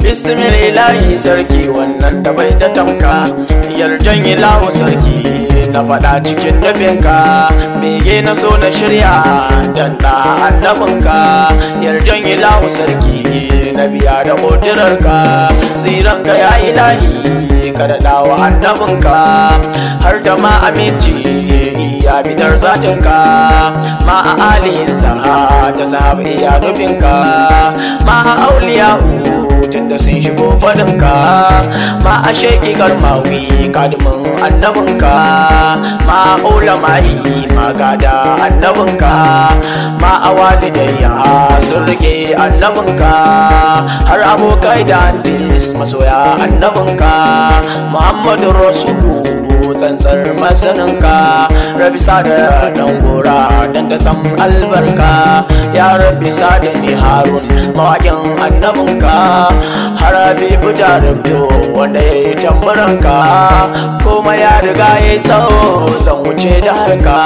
bismillahi sarki wannan da bai da tamka yarjan ilahu sarki na faɗa cikin nufinka bege na so na shirya dan ɗa annabinka yarjan ilahu sarki na biya da ƙudurarka tsiranka ya ilahi ka daɗa wa annabinka har da ma aminci ya bitar zatinka ma a alihinsa ta sahabi ya nufinka ma a auliyahu tunda sun shigo fadinka ma a sheki garmawi kadumin annabinka ma a mai ma gada annabinka ma a walidayya sun rike annabinka har abokai da antis masoya annabinka muhammadu rasulu bar masaninka rabi sada dan gora dan ta san albarka ya rabi da ji harun mawakin annabinka harabi buta rubto wanda ya yi tambaranka kuma ya riga ya tsawo zan wuce da harka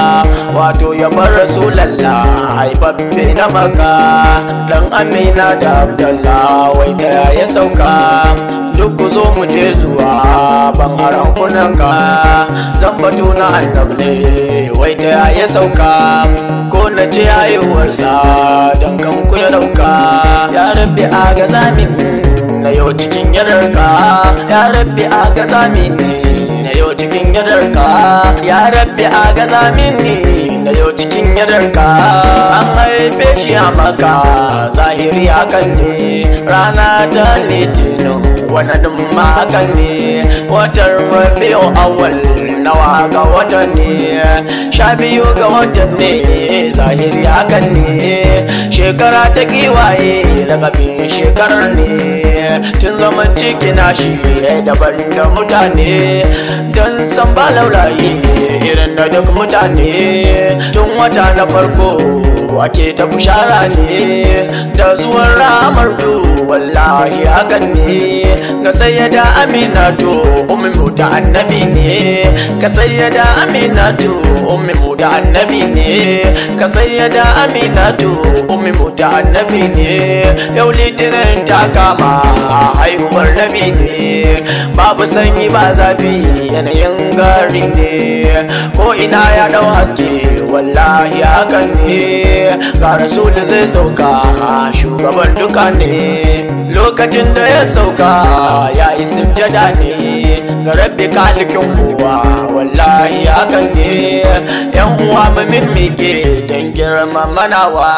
wato ya bar rasulalla haifaffe na maka dan amina da abdallah wai da ya sauka duk ku zo mu je zuwa ban haran zan batu na annable wai ta yaye sauka ko na ce haihuwarsa don kan ku ya dauka ya rabbi a gaza zamin na yau cikin yadarka ya rabbi a gaza min na yau cikin yadarka ya rabbi a gaza min na yau cikin yadarka an haife shi a maka zahiri hakan ne rana ta litin wani ɗin magani Watan biyu awal nawa ga watan ne sha biyu ga watan ne zahiri hakan ne shekara ta kiwaye lakabin shekarar ne tun zaman ciki na shi daban da mutane don san ba laulayi irin da duk mutane tun wata na farko Wake ta bushara ne da zuwan ramar to wallahi hakan ne na sayyada amina to ummu da annabi ne ka sayyada aminatu ummi mu da annabi ne ka sayyada aminatu ummi mu da annabi ne yau litinin ta kama haihuwar nabi ne babu sanyi ba zafi yanayin gari ne ko ina ya dau haske wallahi hakan ne ga rasul zai sauka shugaban duka ne lokacin da ya sauka ya yi sujjada ne gare rabbi kalikin uwa wallahi hakan ne yan uwa mu mimmike don girma manawa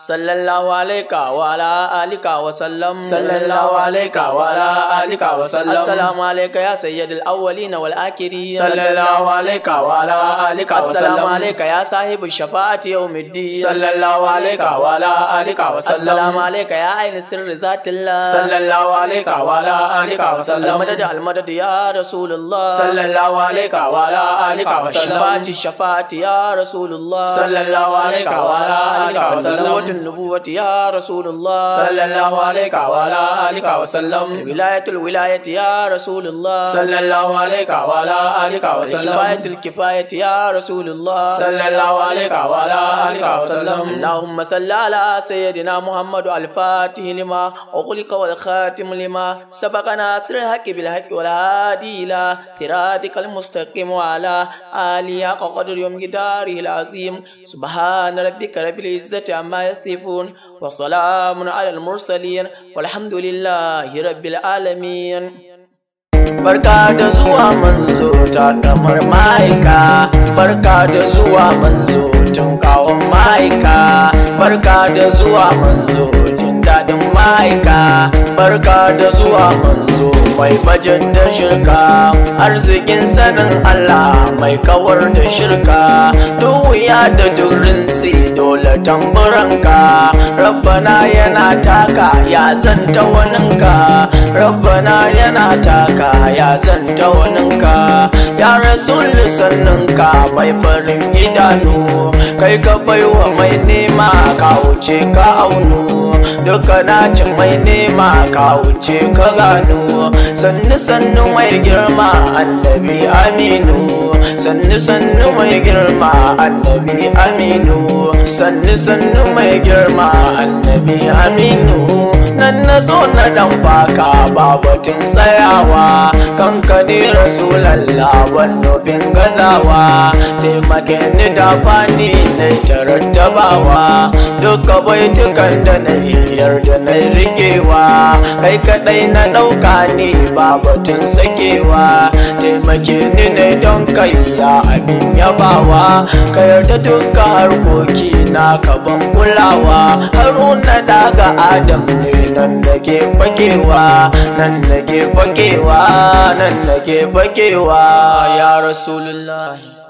sallallahu alaika wa ala alika wa sallam sallallahu alaika wa ala alika wa sallam assalamu alaika ya sayyidul awwalin wal akhirin sallallahu alaika wa ala alika wa sallam assalamu alaika ya sahibu shafa'ati yawmiddin sallallahu alaika wa ala alika wa sallam assalamu alaika ya aini sirri zatillah sallallahu alaika wa ala alika wa sallam almadad almadad ya rasulullah sallallahu alaika wa ala alika wa sallam shafa'ati shafa'ati ya rasulullah sallallahu alaika wa ala alika wa sallam النبوة يا رسول الله صلى الله عليك وعلى آلك وسلم ولاية الولاية يا رسول الله صلى الله عليك وعلى آلك وسلم كفاية الكفاية يا رسول الله صلى الله عليك وعلى آلك وسلم اللهم صل على سيدنا محمد الفاتح لما أغلق والخاتم لما سبق ناصر الحق بالحق والهادي إلى صراطك المستقيم وعلى آله حق قدر يوم جداره العظيم سبحان ربك رب العزة عما يصفون يصفون وسلام على المرسلين والحمد لله رب العالمين Barka da zuwa manzo ta damar ma'aika, barka da zuwa manzo tun kawon ma'aika, barka da zuwa manzo daɗin ma'aika barka da zuwa manzo mai bajin da shirka arzikin sanin Allah mai kawar da shirka duk wuya da durin dole tamburanka rabbana yana taka ya zanta waninka rabbana yana taka ya san tauninka ya rasul sannanka mai farin idanu kai ka baiwa mai nema ka wuce ka aunu duka ci mai nema ka wuce ka gano sannu sannu mai girma annabi aminu sannu sannu mai girma annabi aminu sannu sannu mai girma annabi aminu nan na zo na dan baka ba batun tsayawa kan ka ne rasulallah wannan gazawa taimake ni da fani na tarattabawa duka tukan da na hiyar da na rigewa kai kadai na dauka ni ba batun sakewa taimake ni ne don kai ya abin yabawa ka yarda duka harkoki na ka kulawa haruna daga adam ne nan nake fakewa nan nake fakewa nan nake fakewa ya rasulullahi